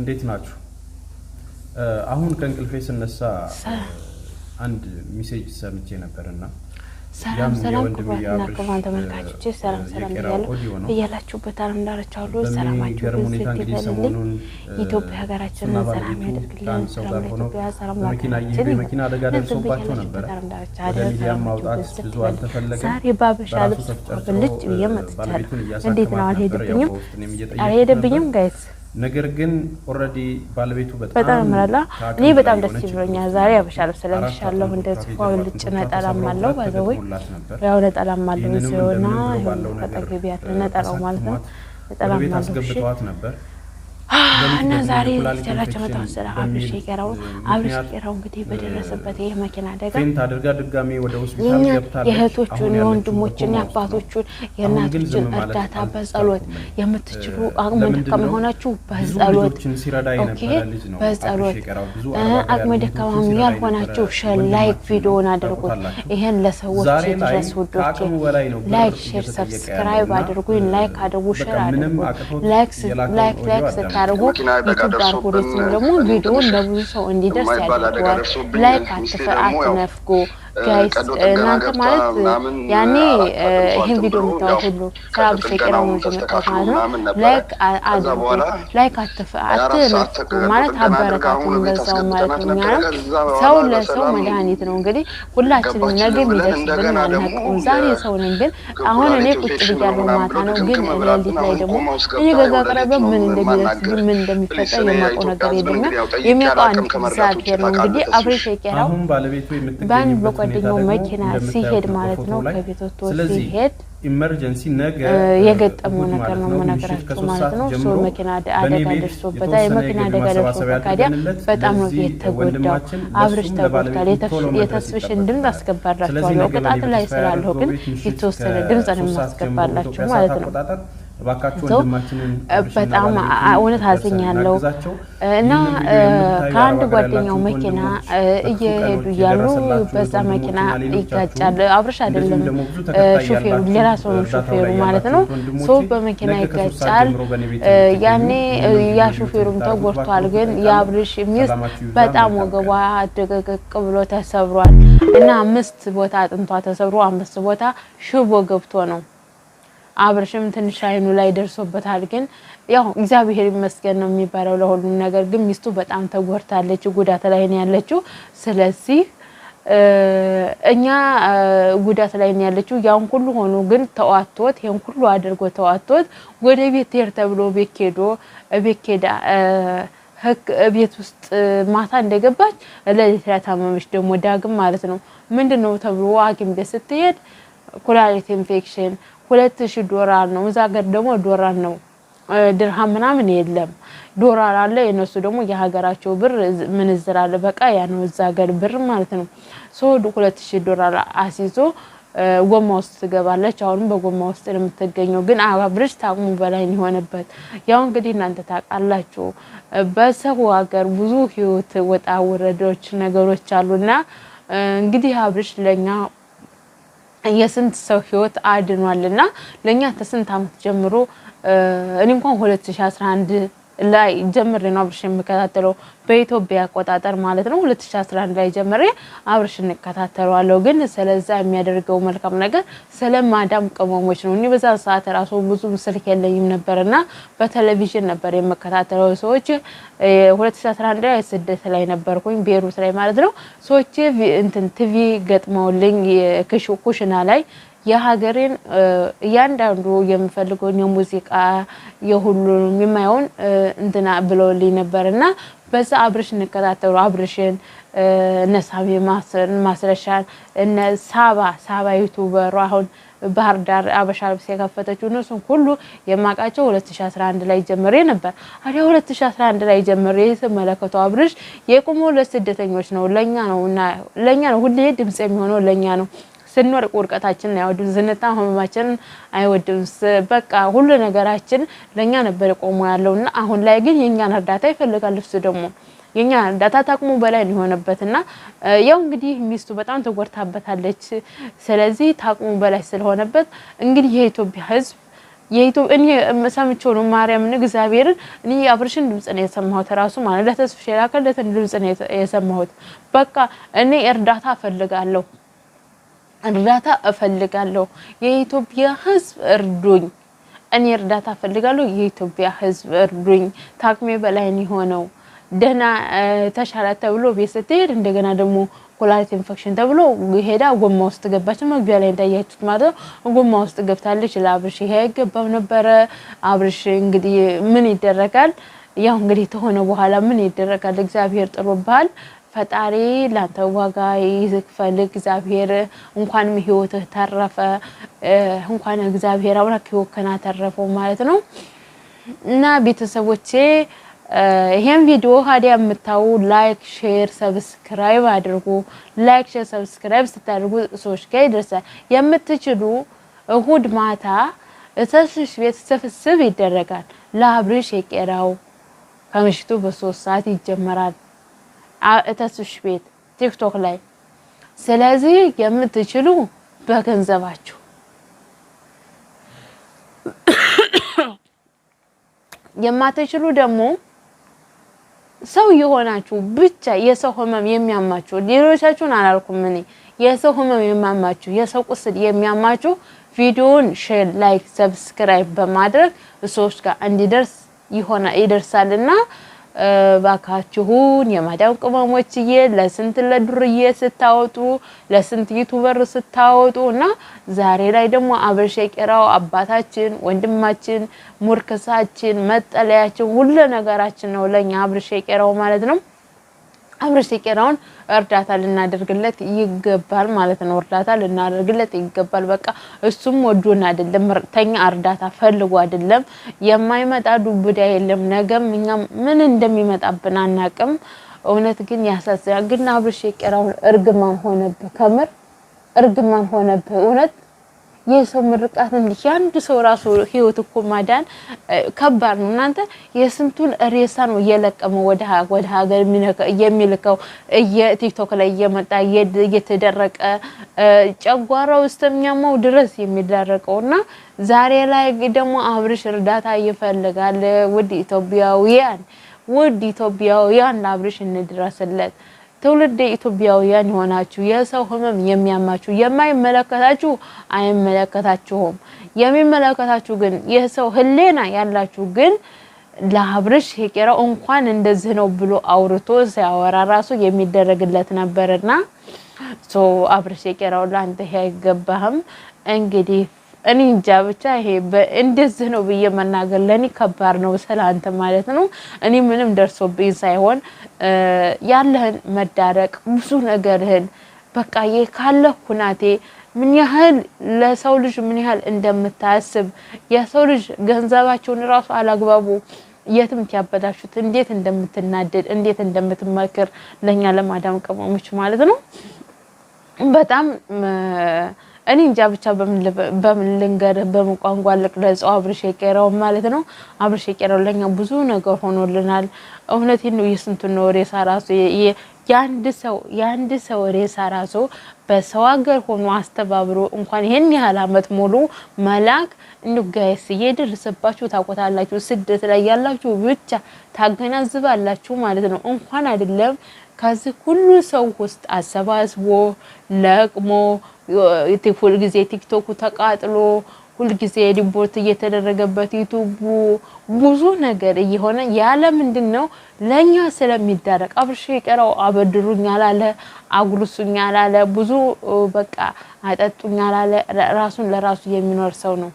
እንዴት ናችሁ? አሁን ከእንቅልፌ ስነሳ አንድ ሚሴጅ ሰምቼ ነበርና ሰላም ሰላም ክቡራትና ክቡራን ተመልካቾች ሰላም ሰላም እያለሁ እያላችሁበት ዓለም ዳርቻ ሁሉ ሰላማችሁ ይበልልኝ። ኢትዮጵያ ሀገራችንን ሰላም ያደርግልን። ሰላም ኢትዮጵያ ሰላም ለሀገራችን ይበልበት። ዓለም ዳርቻ ሀገራችን ይበልበት። ዛሬ ባበሻ ልብስ ብልጭ ብዬ መጥቻለሁ። እንዴት ነው? አልሄደብኝም አልሄደብኝም ጋይስ ነገር ግን ኦልሬዲ ባለቤቱ በጣም ምራላ እኔ በጣም ደስ ይብሎኛል። ዛሬ ያበሻ ልብስ ለብሻለሁ። እንደዚህ ሆን ልጭ ነጠላም አለው ባዘወይ ያው ነጠላም አለው ሲሆና ይሁን ተጠግቢያት ነጠላው ማለት ነው። ነጠላም አለው ነበር እና ዛሬ ስላቸው በጣም ስለ አብርሽ የቀረው አብርሽ የቀረው እንግዲህ በደረሰበት ይህ መኪና አደጋ የእኛ የእህቶቹን የወንድሞችን የአባቶቹን የእናቶችን እርዳታ በጸሎት የምትችሉ አቅመ ደካማ የሆናችሁ በጸሎት በጸሎት አቅመ ደካማ ያልሆናችሁ ሸር ላይክ ቪዲዮን አድርጉት። ይህን ለሰዎች ድረስ ውዶቼ ላይክ ሼር ሰብስክራይብ አድርጉኝ። ላይክ አድርጉ ሸር አድርጉ ላይክ ላይክ ስታደርጉ አድርጉ። ዩቱብ አልጎሪዝም ደግሞ ቪዲዮን ለብዙ ሰው እንዲደርስ ያደርገዋል። ላይክ አትፍር፣ አትነፍጎ እናንተ ማለት ያኔ ይህን ቪዲዮ የምታወት ሁሉ ስራ ብቻ ነው መጣት ማለት ነው። ላይክ አድርጉ፣ ላይክ አትመቱ ማለት አበረታቱ፣ በዛው ማለት ነው። የሚያረግ ሰው ለሰው መድኃኒት ነው። እንግዲህ ሁላችንም ነገ የሚደርስብን አናውቅም። ዛሬ ሰው ነን፣ ግን አሁን እኔ ቁጭ ብያለሁ፣ ማታ ነው። ግን ሌሊት ላይ ደግሞ እኔ ገዛ ቀረበ ምን እንደሚደርስብን ምን እንደሚፈጠር የማውቀው ነገር የለም። የሚያውቀው አንድ ዛ ብሄር ነው እንግዲህ አብሬ ሸቄራው ባለቤቱ የምትገኝበት ጓደኛው መኪና ሲሄድ ማለት ነው ከቤት ወጥቶ ሲሄድ ኢመርጀንሲ ነገ የገጠመው ነገር ነው የምነግራቸው ማለት ነው። ሶ መኪና አደጋ ደርሶበታል። የመኪና አደጋ ደርሶበት ታዲያ በጣም ነው ቤት ተጎዳው፣ አብርሽ ተጎድቷል። የተስፍሽን ድምፅ አስገባላችኋለሁ። ቅጣት ላይ ስላለሁ ግን የተወሰነ ድምፅ ነው የማስገባላችሁ ማለት ነው። በጣም እውነት አዝኛለሁ እና ከአንድ ጓደኛው መኪና እየሄዱ እያሉ በዛ መኪና ይጋጫል። አብረሽ አይደለም ሹፌሩ፣ ሌላ ሰው ነው ሹፌሩ ማለት ነው። ሰው በመኪና ይጋጫል። ያኔ ያ ሹፌሩም ተጎድቷል። ግን የአብርሽ ሚስት በጣም ወገቧ ድቅቅ ብሎ ተሰብሯል እና አምስት ቦታ አጥንቷ ተሰብሮ አምስት ቦታ ሽቦ ገብቶ ነው አብርሽም ትንሽ አይኑ ላይ ደርሶበታል። ግን ያው እግዚአብሔር ይመስገን ነው የሚባለው ለሁሉም ነገር። ግን ሚስቱ በጣም ተጎድታለች፣ ጉዳት ላይ ነው ያለችው። ስለዚህ እኛ ጉዳት ላይ ነው ያለችው። ያን ሁሉ ሆኖ ግን ተዋቶት ይሄን ሁሉ አድርጎ ተዋቶት ወደ ቤት ሄር ተብሎ ቤት ሄዶ ቤት ሄዳ ህክ ቤት ውስጥ ማታ እንደገባች ለሌት ላይ ታመመች፣ ደግሞ ዳግም ማለት ነው። ምንድን ነው ተብሎ ሐኪም ቤት ስትሄድ ኩላሊት ኢንፌክሽን ሁለት ሺህ ዶላር ነው። እዛ ሀገር ደግሞ ዶላር ነው ድርሃም ምናምን የለም። ዶላር አለ። የነሱ ደግሞ የሀገራቸው ብር ምንዝር አለ። በቃ ያ ነው እዛ ሀገር ብር ማለት ነው። ሰወዱ ሁለት ሺህ ዶላር አስይዞ ጎማ ውስጥ ትገባለች። አሁንም በጎማ ውስጥ ነው የምትገኘው። ግን አብርሽ ታቅሙ በላይ ነው የሆነበት ያው እንግዲህ እናንተ ታውቃላችሁ፣ በሰው ሀገር ብዙ ህይወት ወጣ ወረዶች ነገሮች አሉና እንግዲህ አብርሽ ለኛ የስንት ሰው ህይወት አድኗልና ለእኛ ተስንት አመት ጀምሮ እኔ እንኳን 2011 ላይ ጀምሬ ነው አብርሽ የምከታተለው በኢትዮጵያ አቆጣጠር ማለት ነው። 2011 ላይ ጀምሬ አብርሽ እንከታተለዋለሁ። ግን ስለዛ የሚያደርገው መልካም ነገር ስለማዳም ቅመሞች ነው። እኔ በዛ ሰዓት ራሱ ብዙ ስልክ የለኝም ነበርና በቴሌቪዥን ነበር የምከታተለው። ሰዎች 2011 ላይ ስደት ላይ ነበርኩኝ ቤሩት ላይ ማለት ነው። ሰዎች እንትን ቲቪ ገጥመውልኝ ኩሽና ላይ የሀገሬን እያንዳንዱ የምፈልገውን የሙዚቃ የሁሉንም የማየውን እንትና ብለውልኝ ነበር እና በዛ አብርሽ እንከታተሉ አብርሽን እነ ሳሚ ማስረሻን እነ ሳባ ሳባ ዩቱበሩ አሁን ባህር ዳር አበሻ ልብስ የከፈተችው እነሱን ሁሉ የማውቃቸው 2011 ላይ ጀምሬ ነበር። አዲያ 2011 ላይ ጀምሬ ስመለከቱ አብርሽ የቁሞ ለስደተኞች ነው፣ ለእኛ ነው እና ነው ሁሌ ድምጽ የሚሆነው ለኛ ነው ስንወርቅ ውድቀታችንን አይወዱን፣ ዝንታ ህመማችንን አይወዱን። በቃ ሁሉ ነገራችን ለእኛ ነበር የቆሙ ያለው እና አሁን ላይ ግን የእኛን እርዳታ ይፈልጋል። እሱ ደግሞ የኛ እርዳታ ታቅሙ በላይ ሊሆነበት እና ያው እንግዲህ ሚስቱ በጣም ተጎድታበታለች። ስለዚህ ታቅሙ በላይ ስለሆነበት እንግዲህ የኢትዮጵያ ህዝብ የኢትዮ እኔ ሰምቼው ነው ማርያምን እግዚአብሔርን እኔ አብርሽን ድምጽ ነው የሰማሁት። ራሱ ማለት ለተስፍሽ የላከለትን ድምጽ ነው የሰማሁት። በቃ እኔ እርዳታ ፈልጋለሁ። እርዳታ እፈልጋለሁ። የኢትዮጵያ ህዝብ እርዱኝ። እኔ እርዳታ እፈልጋለሁ። የኢትዮጵያ ህዝብ እርዱኝ። ታቅሜ በላይ የሆነው ደህና ተሻለ ተብሎ ቤት ስትሄድ እንደገና ደግሞ ኮላሪት ኢንፌክሽን ተብሎ ሄዳ ጎማ ውስጥ ገባች። መግቢያ ላይ እንዳያችሁት ማለት ነው። ጎማ ውስጥ ገብታለች። ለአብርሽ ይሄ አይገባም ነበረ። አብርሽ እንግዲህ ምን ይደረጋል? ያው እንግዲህ ተሆነ በኋላ ምን ይደረጋል? እግዚአብሔር ጥሎብሃል። ፈጣሪ ላንተ ዋጋ ይክፈልህ። እግዚአብሔር እንኳንም ህይወትህ ተረፈ፣ እንኳን እግዚአብሔር አምላክ ህይወትህን አተረፈው ማለት ነው። እና ቤተሰቦቼ ይሄን ቪዲዮ ታዲያ የምታዩ ላይክ፣ ሼር፣ ሰብስክራይብ አድርጉ። ላይክ፣ ሼር፣ ሰብስክራይብ ስታደርጉ ሰዎች ጋር ይደርሳል። የምትችሉ እሁድ ማታ እሰስሽ ቤት ስብስብ ይደረጋል። ለአብርሽ የቄራው ከምሽቱ በሶስት ሰዓት ይጀመራል። እተሱሽ ቤት ቲክቶክ ላይ። ስለዚህ የምትችሉ በገንዘባችሁ የማትችሉ ደግሞ ሰው የሆናችሁ ብቻ የሰው ህመም የሚያማችሁ ሌሎቻችሁን አላልኩም። እኔ የሰው ህመም የሚያማችሁ የሰው ቁስል የሚያማችሁ ቪዲዮውን ሼር፣ ላይክ፣ ሰብስክራይብ በማድረግ ሰዎች ጋር እንዲደርስ ይሆናል ይደርሳልና ባካችሁን የማዳም ቅመሞችዬ ለስንት ለዱርዬ ስታወጡ ለስንት ዩቱበር ስታወጡ እና ዛሬ ላይ ደግሞ አበሸቄራው አባታችን፣ ወንድማችን፣ ሙርክሳችን፣ መጠለያችን ሁሉ ነገራችን ነው ለኛ አብርሸቄራው ማለት ነው። አብረሽ የቄራውን እርዳታ ልናደርግለት ይገባል ማለት ነው። እርዳታ ልናደርግለት ይገባል። በቃ እሱም ወዶን አይደለም ተኛ እርዳታ ፈልጎ አይደለም የማይመጣ ዱብዳ የለም። ነገም እኛም ምን እንደሚመጣብን አናቅም። እውነት ግን ያሳዝናል። ግን አብረሽ የቄራውን እርግማን ሆነብህ፣ ከምር እርግማን ሆነብህ እውነት የሰው ምርቃት እንዲህ የአንድ ሰው ራሱ ህይወት እኮ ማዳን ከባድ ነው። እናንተ የስንቱን ሬሳ ነው እየለቀመው ወደ ሀገር የሚልከው ቲክቶክ ላይ እየመጣ እየተደረቀ ጨጓራው እስከሚያማው ድረስ የሚደረቀው እና ዛሬ ላይ ደግሞ አብርሽ እርዳታ ይፈልጋል። ውድ ኢትዮጵያውያን ውድ ኢትዮጵያውያን ለአብርሽ እንድረስለት። ትውልድ ኢትዮጵያውያን የሆናችሁ የሰው ህመም የሚያማችሁ የማይመለከታችሁ አይመለከታችሁም። የሚመለከታችሁ ግን የሰው ህሌና ያላችሁ ግን ለአብርሽ የቄራው እንኳን እንደዚህ ነው ብሎ አውርቶ ሲያወራ ራሱ የሚደረግለት ነበርና ሶ አብርሽ የቄራው ለአንተ አይገባህም እንግዲህ እኔ እንጃ ብቻ ይሄ እንደዚህ ነው ብዬ መናገር ለእኔ ከባድ ነው፣ ስለ አንተ ማለት ነው። እኔ ምንም ደርሶብኝ ሳይሆን ያለህን መዳረቅ ብዙ ነገርህን በቃ ይሄ ካለህ ኩናቴ ምን ያህል ለሰው ልጅ ምን ያህል እንደምታስብ የሰው ልጅ ገንዘባቸውን እራሱ አላግባቡ የትም ያበላሹት እንዴት እንደምትናደድ እንዴት እንደምትመክር ለእኛ ለማዳም ማለት ነው በጣም እኔ እንጃ ብቻ በምን ልንገርህ፣ በምን ቋንቋ ልቅረጸው? አብርሽ የቄራው ማለት ነው። አብርሽ የቄራው ለኛ ብዙ ነገር ሆኖልናል። እውነቴን ነው። የስንቱን ወሬ ሳራሱ የአንድ ሰው የአንድ ሰው ሬሳ ራሶ በሰው ሀገር ሆኖ አስተባብሮ እንኳን ይሄን ያህል አመት ሙሉ መላክ እንጋይስ እየደረሰባችሁ ታቆታላችሁ። ስደት ላይ ያላችሁ ብቻ ታገናዝባላችሁ ማለት ነው። እንኳን አይደለም ከዚህ ሁሉ ሰው ውስጥ አሰባስቦ ለቅሞ ሁል ጊዜ ቲክቶኩ ተቃጥሎ ሁልጊዜ ሪፖርት እየተደረገበት ዩቱቡ ብዙ ነገር እየሆነ ያለ ምንድን ነው ለእኛ ስለሚዳረቅ አብርሽ ቀረው አበድሩኝ አላለ፣ አጉርሱኝ አላለ፣ ብዙ በቃ አጠጡኝ አላለ። ራሱን ለራሱ የሚኖር ሰው ነው።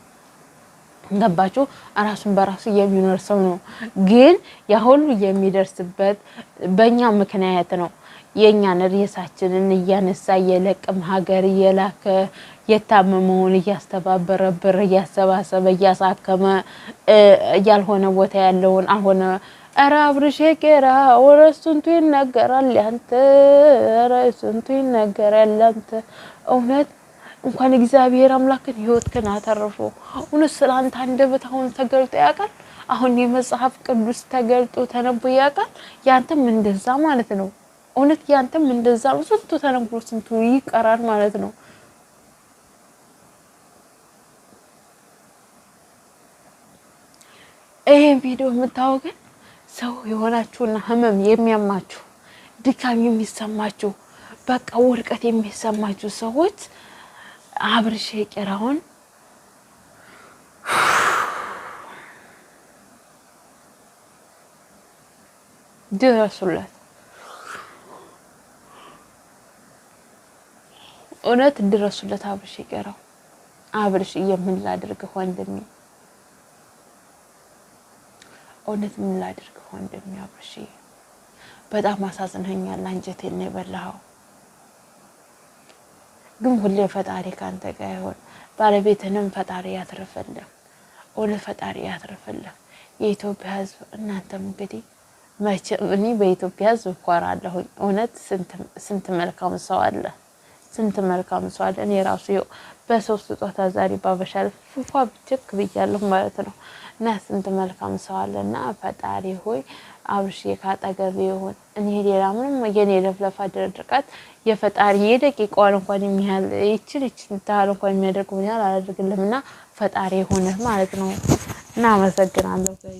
ገባችሁ? ራሱን በራሱ የሚኖር ሰው ነው። ግን ያ ሁሉ የሚደርስበት በእኛ ምክንያት ነው። የእኛን ሬሳችንን እያነሳ የለቅም ሀገር እየላከ የታመመውን እያስተባበረ ብር እያሰባሰበ እያሳከመ ያልሆነ ቦታ ያለውን አሁን ኧረ አብርሽ ቄራ ወረ ስንቱ ይነገራል ያንተ ኧረ ስንቱ ይነገራል ያንተ እውነት እንኳን እግዚአብሔር አምላክን ህይወትህን አተርፎ እውነት ስለ አንተ አንደበት አሁን ተገልጦ ያውቃል። አሁን የመጽሐፍ ቅዱስ ተገልጦ ተነቦ ያውቃል። ያንተም እንደዛ ማለት ነው። እውነት ያንተም እንደዛ ነው። ስንቱ ተነግሮ ስንቱ ይቀራል ማለት ነው። ይሄን ቪዲዮ የምታወቅ ሰው የሆናችሁና ህመም የሚያማችሁ ድካም የሚሰማችሁ በቃ ውድቀት የሚሰማችሁ ሰዎች አብርሽ ቄራውን ድረሱለት። እውነት እንድረሱለት አብርሽ ይቀረው። አብርሽ የምን ላድርግ ወንድሜ፣ እውነት ምን ላድርግ ወንድሜ። አብርሽ በጣም አሳዝነኛል አንጀቴን ነው የበላኸው። ግን ሁሌ ፈጣሪ ካንተ ጋር ይሆን። ባለቤትንም ፈጣሪ ያትርፍልህ። እውነት ፈጣሪ ያትርፍልህ። የኢትዮጵያ ህዝብ እናንተም እንግዲህ መቼም እኔ በኢትዮጵያ ሕዝብ እኮራለሁኝ። እውነት ስንት መልካም ሰው አለ። ስንት መልካም ሰው አለ። እኔ ራሱ ይኸው በሰው ስጦታ ዛሬ ባበሻል ፏ ብትክ ብያለሁ ማለት ነው። እና ስንት መልካም ሰው አለ እና ፈጣሪ ሆይ አብርሽ ካጠገብ ይሁን። እኔ ሌላ ምንም የኔ ለፍለፋ ድርድርቀት የፈጣሪ የደቂቃዋን እንኳን የሚያል ይችል ይችል ታህል እንኳን የሚያደርጉ ምን ያህል አላደርግልም እና ፈጣሪ ሆነ ማለት ነው እና አመሰግናለሁ።